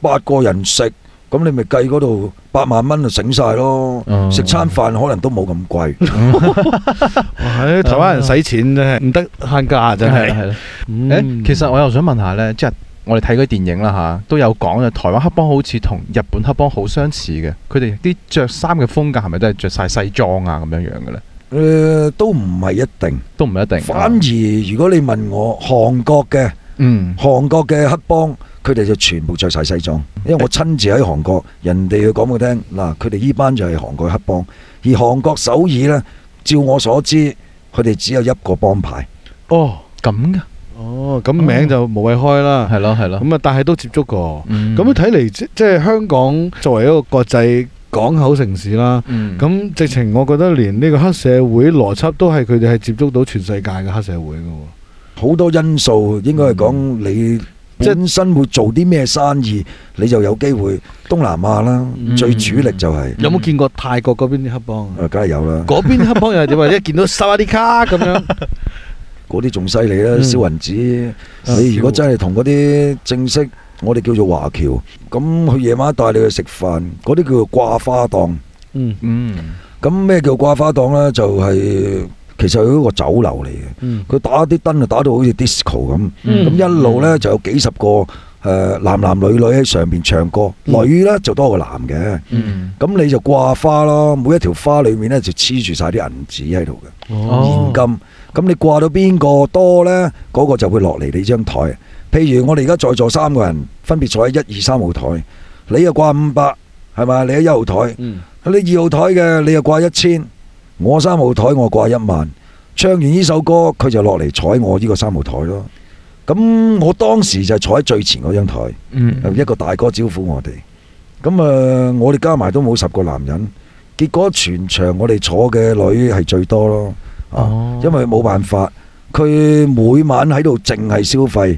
八個人食。咁你咪計嗰度八萬蚊就醒晒咯，嗯、食餐飯可能都冇咁貴。係、嗯、 [laughs] 台灣人使錢、嗯、真係唔得慳家真係。誒、嗯，其實我又想問下呢，即、就、係、是、我哋睇嗰啲電影啦嚇，都有講啊，台灣黑幫好似同日本黑幫好相似嘅，佢哋啲着衫嘅風格係咪都係着晒西裝啊咁樣樣嘅咧？誒、呃，都唔係一定，都唔一定。反而如果你問我韓國嘅，嗯，韓國嘅、嗯、黑幫。佢哋就全部着晒西裝，因為我親自喺韓國，人哋去講我聽嗱，佢哋依班就係韓國黑幫，而韓國首爾呢，照我所知，佢哋只有一個幫派。哦，咁噶？哦，咁名就冇謂開啦。係咯、哦，係咯。咁啊，但係都接觸過。咁睇嚟，即係香港作為一個國際港口城市啦。咁、嗯、直情，我覺得連呢個黑社會邏輯都係佢哋係接觸到全世界嘅黑社會嘅喎。好多因素應該係講你、嗯。真心會做啲咩生意，你就有機會。東南亞啦，最主力就係。有冇見過泰國嗰邊啲黑幫？誒，梗係有啦。嗰邊黑幫又係點啊？一見到沙瓦迪卡咁樣，嗰啲仲犀利啦！小雲子，你如果真係同嗰啲正式，我哋叫做華僑，咁佢夜晚帶你去食飯，嗰啲叫做掛花檔。嗯嗯。咁咩叫掛花檔咧？就係。其實佢嗰個酒樓嚟嘅，佢打啲燈啊打到好似 disco 咁，咁一路呢就有幾十個誒男男女女喺上面唱歌，女呢就多過男嘅，咁你就掛花咯，每一條花裏面呢就黐住晒啲銀紙喺度嘅，現金，咁你掛到邊個多呢，嗰個就會落嚟你張台。譬如我哋而家在座三個人，分別坐喺一二三號台，你又掛五百，係咪？你喺一號台，你二號台嘅，你又掛一千。我三號台我掛一萬，唱完呢首歌佢就落嚟坐我呢個三號台咯。咁我當時就坐喺最前嗰張台，嗯、一個大哥招呼我哋。咁啊、呃，我哋加埋都冇十個男人，結果全場我哋坐嘅女係最多咯。啊哦、因為冇辦法，佢每晚喺度淨係消費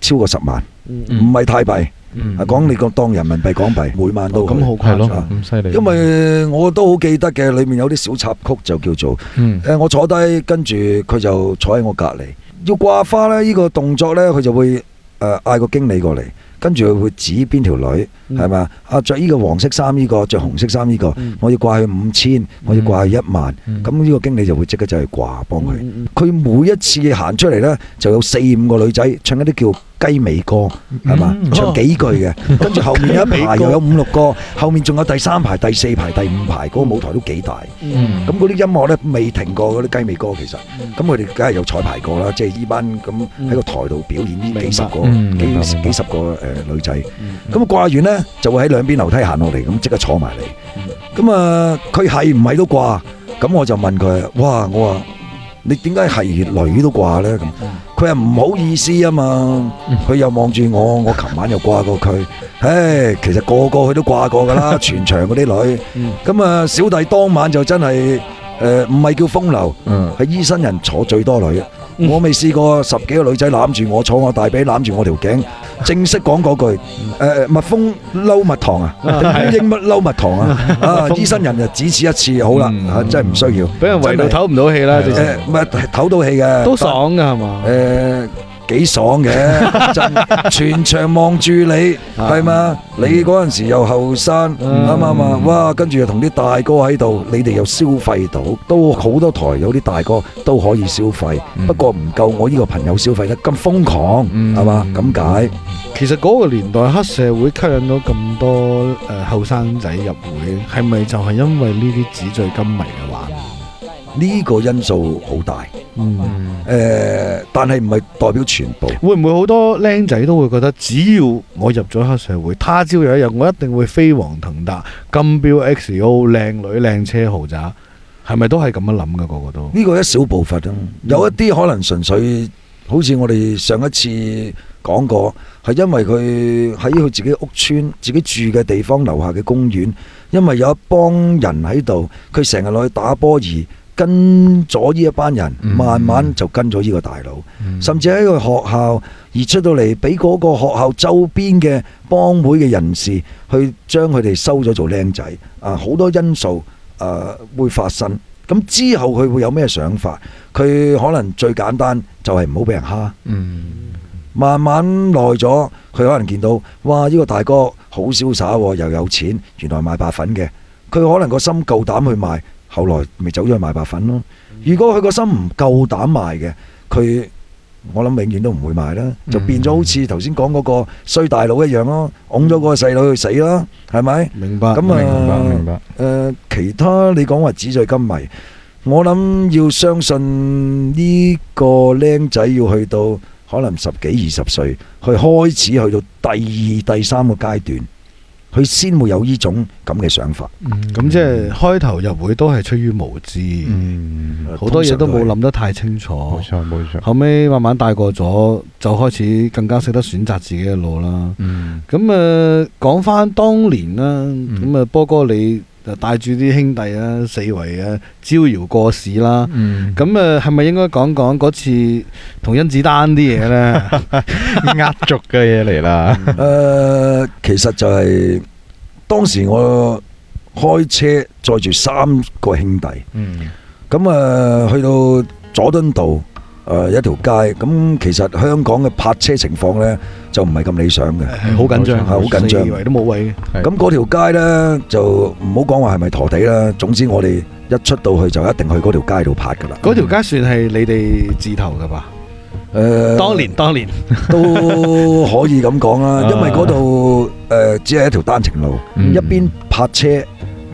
超過十萬，唔係、嗯、台幣。嗯，講你個當人民幣港幣每晚都咁好，係咯，咁犀利。因為我都好記得嘅，裏面有啲小插曲就叫做，誒，我坐低，跟住佢就坐喺我隔離，要掛花咧，呢個動作咧，佢就會誒，嗌個經理過嚟，跟住佢會指邊條女係咪？啊，著呢個黃色衫呢個，著紅色衫呢個，我要掛佢五千，我要掛佢一萬，咁呢個經理就會即刻就去掛幫佢。佢每一次行出嚟咧，就有四五個女仔唱一啲叫雞尾歌係嘛，嗯、唱幾句嘅，哦、跟住後面有一排又有五六個，後面仲有第三排、第四排、第五排，嗰、嗰個舞台都幾大。咁嗰啲音樂咧未停過嗰啲雞尾歌，其實咁佢哋梗係有彩排過啦，即係依班咁喺個台度表演呢幾十個幾幾十個誒女仔，咁、嗯、掛、嗯、完咧就會喺兩邊樓梯行落嚟，咁即刻坐埋嚟。咁啊、嗯，佢係唔係都掛？咁我就問佢：，哇，我話！你點解係女都掛咧咁？佢係唔好意思啊嘛，佢又望住我，我琴晚又掛過佢。唉、哎，其實個個佢都掛過㗎啦，全場嗰啲女。咁啊、 [laughs] 嗯，小弟當晚就真係誒，唔、呃、係叫風流，係、嗯、醫生人坐最多女 [noise] 我未試過十幾個女仔攬住我坐，我大髀，攬住我條頸，正式講嗰句，誒、呃、蜜蜂嬲蜜糖啊，英乜嬲蜜糖啊，啊醫生人就只此一次好啦，嚇、啊、真係唔需要，俾人圍到唞唔到氣啦，誒唔係唞到氣嘅，都爽㗎係嘛，誒但。啊呃幾爽嘅，。 [laughs] 全場望住你，係嘛？你陣時又後生，啱啱啊？哇！跟住又同啲大哥喺度，你哋又消費到，都好多台有啲大哥都可以消費 [noise] 不過唔夠我呢個朋友消費得咁瘋狂，係嘛？咁解？其實個年代黑社會吸引到咁多誒後生仔入會，係咪就係因為呢啲紙醉金迷嘅話？呢個因素好大，嗯誒，但係唔係代表全部。會唔會好多僆仔都會覺得，只要我入咗黑社會，他朝有一日我一定會飛黃騰達，金錶、XO、靚女、靚車、豪宅，係咪都係咁樣諗嘅？個個都呢個一小部分咯，有一啲可能純粹好似我哋上一次講過，係因為佢喺佢自己屋村自己住嘅地方樓下嘅公園，因為有一幫人喺度，佢成日落去打波而。跟咗呢一班人，慢慢就跟咗呢個大佬，甚至喺個學校而出到嚟，俾嗰個學校周邊嘅幫會嘅人士去將佢哋收咗做僆仔。啊，好多因素誒會發生。咁之後佢會有咩想法？佢可能最簡單就係唔好俾人蝦。嗯，慢慢耐咗，佢可能見到哇，呢個大哥好瀟灑，又有錢，原來賣白粉嘅。佢可能個心夠膽去賣。後來咪走咗去賣白粉咯。如果佢個心唔夠膽賣嘅，佢我諗永遠都唔會賣啦，嗯、就變咗好似頭先講嗰個衰大佬一樣咯，拱咗個細佬去死啦，係咪？明白。咁啊，明白，明白，誒，其他你講話紙醉金迷，我諗要相信呢個僆仔要去到可能十幾二十歲，去開始去到第二第三個階段。佢先會有呢種咁嘅想法，咁、嗯嗯、即係開頭入會都係出於無知，好、嗯、多嘢都冇諗得太清楚。冇錯，冇錯。後尾慢慢大個咗，就開始更加識得選擇自己嘅路啦。咁誒、嗯，講翻、呃、當年啦，咁誒、嗯，波哥你就帶住啲兄弟啊，四圍啊，招搖過市啦。咁啊、嗯，係咪應該講講嗰次同甄子丹啲嘢呢， [laughs] 壓軸嘅嘢嚟啦。誒、嗯呃，其實就係當時我開車載住三個兄弟，咁啊、嗯，去到佐敦道。誒，一條街咁，其實香港嘅泊車情況咧，就唔係咁理想嘅，好緊張，係好緊張，都冇位。咁嗰條街咧，就唔好講話係咪陀地啦，總之我哋一出到去就一定去嗰條街度泊噶啦。嗰條街算係你哋字頭噶吧？誒，當年當年都可以咁講啦，因為嗰度誒只係一條單程路，一邊泊車，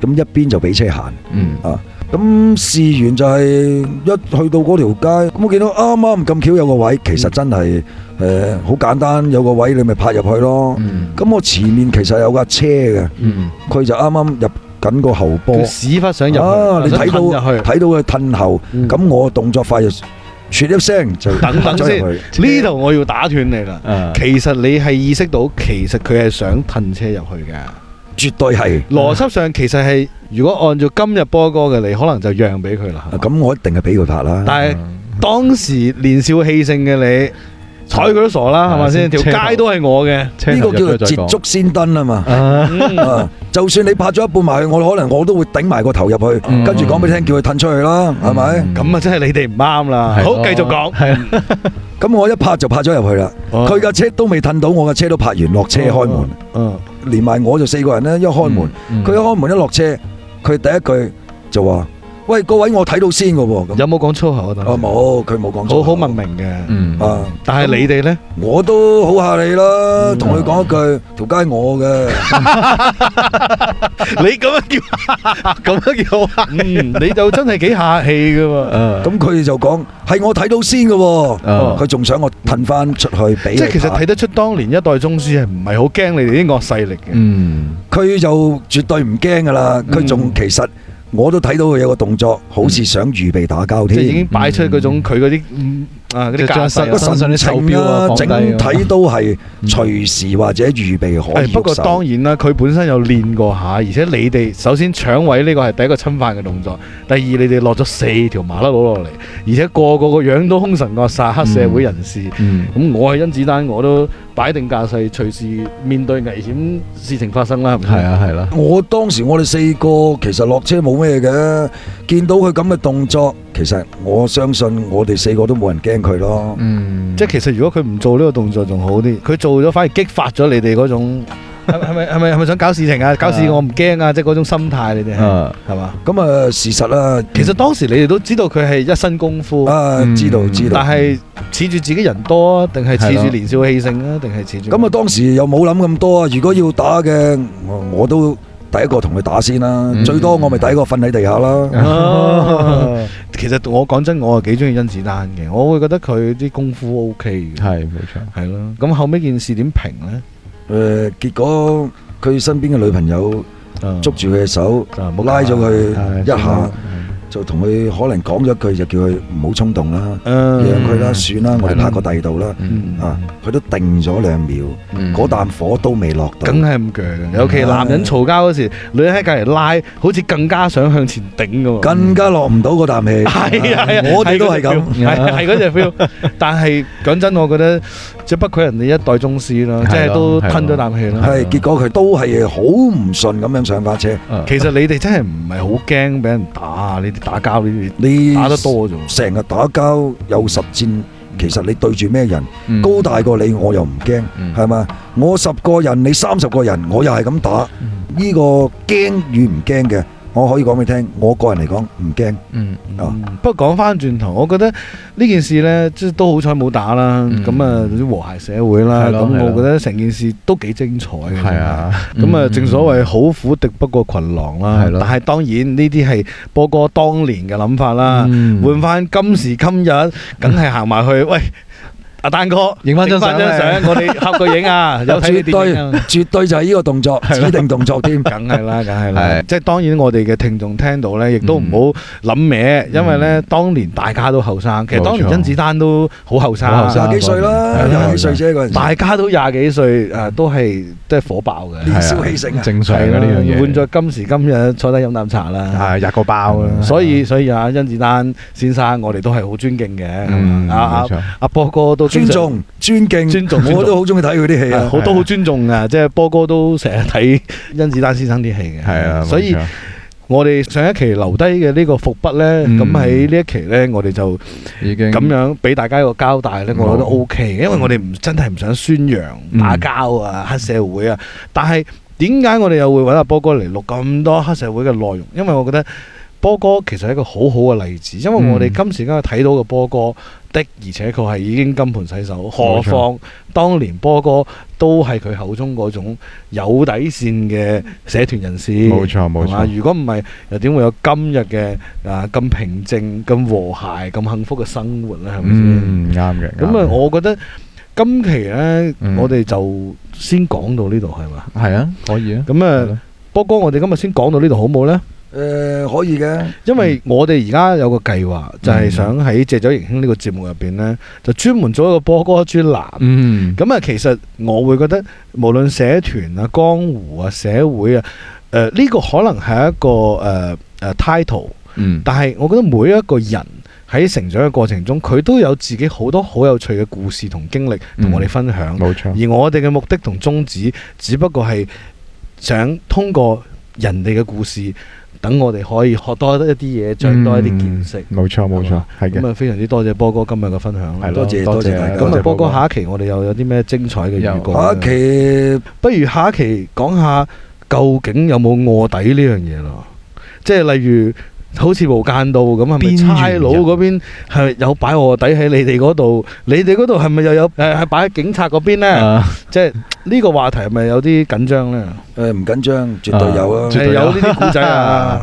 咁一邊就俾車行，嗯啊。咁試完就係一去到嗰條街，咁我見到啱啱咁巧有個位，其實真係誒好簡單，有個位你咪拍入去咯。咁、嗯、我前面其實有架車嘅，佢、嗯、就啱啱入緊個後波。佢屎忽想入啊！去你睇到睇到佢褪後，咁、嗯、我動作快，就説一聲就等等先。呢度我要打斷你啦。車 其實你係意識到，其實佢係想褪車入去嘅。絕對係，邏輯上其實係，如果按照今日波哥嘅你，可能就讓俾佢啦。咁我一定係俾佢拍啦。但係當時年少氣盛嘅你，睬佢都傻啦，係咪先？條街都係我嘅，呢個叫做捷足先登啊嘛。就算你拍咗一半埋去，我可能我都會頂埋個頭入去，跟住講俾你聽，叫佢褪出去啦，係咪？咁啊，真係你哋唔啱啦。好，繼續講。係。咁我一拍就拍咗入去啦，佢架車都未褪到，我架車都拍完，落車開門。嗯。連埋我就四個人咧，一開門，佢、嗯嗯、一開門一落車，佢第一句就話。喂，各位我睇到先㗎喎，有冇講粗口啊？哦，冇，佢冇講粗口，好好文明嘅。啊，但係你哋咧，我都好客氣啦，同佢講一句，條街我嘅，你咁樣叫，咁樣叫，嗯，你就真係幾客氣嘅喎，咁佢就講係我睇到先嘅，佢仲想我褪翻出去俾，即係其實睇得出當年一代宗師係唔係好驚你哋啲惡勢力嘅，佢就絕對唔驚噶啦，佢仲其實。我都睇到佢有個動作，好似想預備打交添。即係已經擺出嗰種佢嗰啲嗯。啊！嗰啲架勢，個身上啲手錶啊，下整體都係隨時或者預備可、嗯。不過當然啦，佢本身有練過下，而且你哋首先搶位呢個係第一個侵犯嘅動作，第二你哋落咗四條麻甩佬落嚟，而且個個個樣都凶神惡煞黑社會人士。嗯，咁、嗯嗯、我係甄子丹，我都擺定架勢隨時面對危險事情發生啦。係啊，係啦、啊。啊嗯、我當時我哋四個其實落車冇咩嘅，見到佢咁嘅動作，其實我相信我哋四個都冇人驚。佢咯，嗯，即係其實如果佢唔做呢個動作仲好啲，佢做咗反而激發咗你哋嗰種係，係咪係咪係咪想搞事情啊？搞事我唔驚啊！即係嗰種心態你哋係嘛？咁啊、嗯呃、事實啦，其實當時你哋都知道佢係一身功夫啊、嗯，知道知道，但係恃住自己人多啊，定係恃住年少氣盛啊，定係的恃住咁啊？當時又冇諗咁多啊！如果要打嘅，我我都第一個同佢打先啦，最多我咪第一個瞓喺地下啦。其實我講真，我係幾中意甄子丹嘅，我會覺得佢啲功夫 OK 嘅。係冇錯，係咯。咁後尾件事點評呢？誒、呃，結果佢身邊嘅女朋友捉住佢嘅手，冇、啊、拉咗佢一下。啊就同佢可能講咗一句，就叫佢唔好衝動啦，讓佢啦，算啦，我哋拍個第二度啦。啊，佢都定咗兩秒，嗰啖火都未落到。梗係咁鋸，尤其男人嘈交嗰時，女人喺隔籬拉，好似更加想向前頂噶喎。更加落唔到嗰啖氣。係啊，我哋都係咁，係係嗰隻 feel。但係講真，我覺得即係不愧人哋一代宗師咯，即係都吞咗啖氣啦。係，結果佢都係好唔順咁樣上花車。其實你哋真係唔係好驚俾人打啊？呢啲打交呢啲，你打得多啫，成日打交有實戰。嗯、其實你對住咩人，嗯、高大過你，我又唔驚，係咪、嗯？我十個人，你三十個人，我又係咁打。呢、嗯、個驚與唔驚嘅。嗯嗯我可以講俾你聽，我個人嚟講唔驚。嗯，哦、不過講翻轉頭，我覺得呢件事呢，即都好彩冇打啦。咁啊、嗯，啲和諧社會啦，咁、嗯嗯、我覺得成件事都幾精彩嘅。係啊，咁、嗯、啊，嗯、正所謂好虎敵不過群狼啦。係、嗯、但係當然呢啲係波哥當年嘅諗法啦。換翻、嗯、今時今日，梗係行埋去喂。阿丹哥，影翻張相，我哋合個影啊！有睇呢啲，絕對就係呢個動作，指定動作添，梗係啦，梗係啦。即係當然我哋嘅聽眾聽到咧，亦都唔好諗咩，因為咧，當年大家都後生，其實當年甄子丹都好後生，廿幾歲啦，廿幾歲啫嗰陣時，大家都廿幾歲，誒，都係都係火爆嘅，年少氣盛，正常嘅呢樣嘢。換咗今時今日，坐低飲啖茶啦，係日過爆啦。所以所以啊，甄子丹先生，我哋都係好尊敬嘅。阿波哥都。尊重、尊敬、尊敬、尊重， [laughs] 我都好中意睇佢啲戲啊！好多好尊重噶，即係波哥都成日睇甄子丹先生啲戲嘅。係啊，啊所以我哋上一期留低嘅呢個伏筆呢，咁喺呢一期呢，我哋就已經咁樣俾大家一個交代咧，經我覺得都 OK，嗯。因為我哋唔真係唔想宣揚、嗯、打交啊、黑社會啊，但係點解我哋又會揾阿波哥嚟錄咁多黑社會嘅內容？因為我覺得波哥其實係一個好好嘅例子，因為我哋今時今日睇到嘅波哥。的而且確係已經金盆洗手，何況當年波哥都係佢口中嗰種有底線嘅社團人士，冇錯冇錯。如果唔係，又點會有今日嘅啊咁平靜、咁和諧、咁幸福嘅生活呢？係咪先？嗯，啱嘅。咁啊，我覺得今期呢，我哋就先講到呢度係嘛？係啊，可以啊。咁啊。波哥，我哋今日先講到呢度好唔好呢？誒、呃，可以嘅，因為我哋而家有個計劃，就係、是、想喺《借酒迎兄》呢、這個節目入邊呢，就專門做一個波哥專欄。嗯，咁啊，其實我會覺得，無論社團啊、江湖啊、社會啊，誒、呃，呢、這個可能係一個誒誒、呃、title，、嗯、但係我覺得每一個人喺成長嘅過程中，佢都有自己好多好有趣嘅故事同經歷，同我哋分享。冇、嗯、錯，而我哋嘅目的同宗旨，只不過係。想通過人哋嘅故事，等我哋可以學多一啲嘢，長多一啲見識。冇錯冇錯，係咁啊，就非常之多，多謝波哥今日嘅分享。係多謝多謝。咁啊，波哥下一期我哋又有啲咩精彩嘅預告？下一期不如下一期講下究竟有冇卧底呢樣嘢咯？即係例如。好似無間道咁啊，差佬嗰邊係有擺卧底喺你哋嗰度，你哋嗰度係咪又有誒係擺喺警察嗰邊咧？即係呢個話題係咪有啲緊張咧？誒，唔緊張，絕對有啊！係有呢啲古仔啊！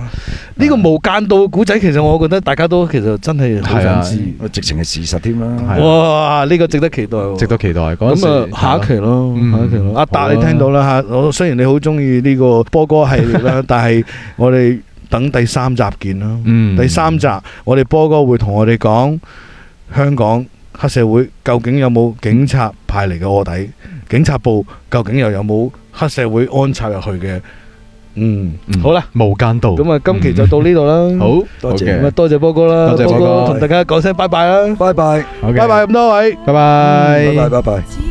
呢個無間道古仔，其實我覺得大家都其實真係好想知，直情係事實添啦。哇，呢個值得期待，值得期待。咁啊，下一期咯，下一期咯。阿達你聽到啦吓，我雖然你好中意呢個波哥系列啦，但係我哋。等第三集見咯。第三集我哋波哥會同我哋講香港黑社會究竟有冇警察派嚟嘅臥底？警察部究竟又有冇黑社會安插入去嘅？嗯，好啦，無間道咁啊，今期就到呢度啦。好，多謝咁啊，多謝波哥啦，多謝波哥同大家講聲拜拜啦，拜拜，拜拜咁多位，拜拜，拜拜，拜拜。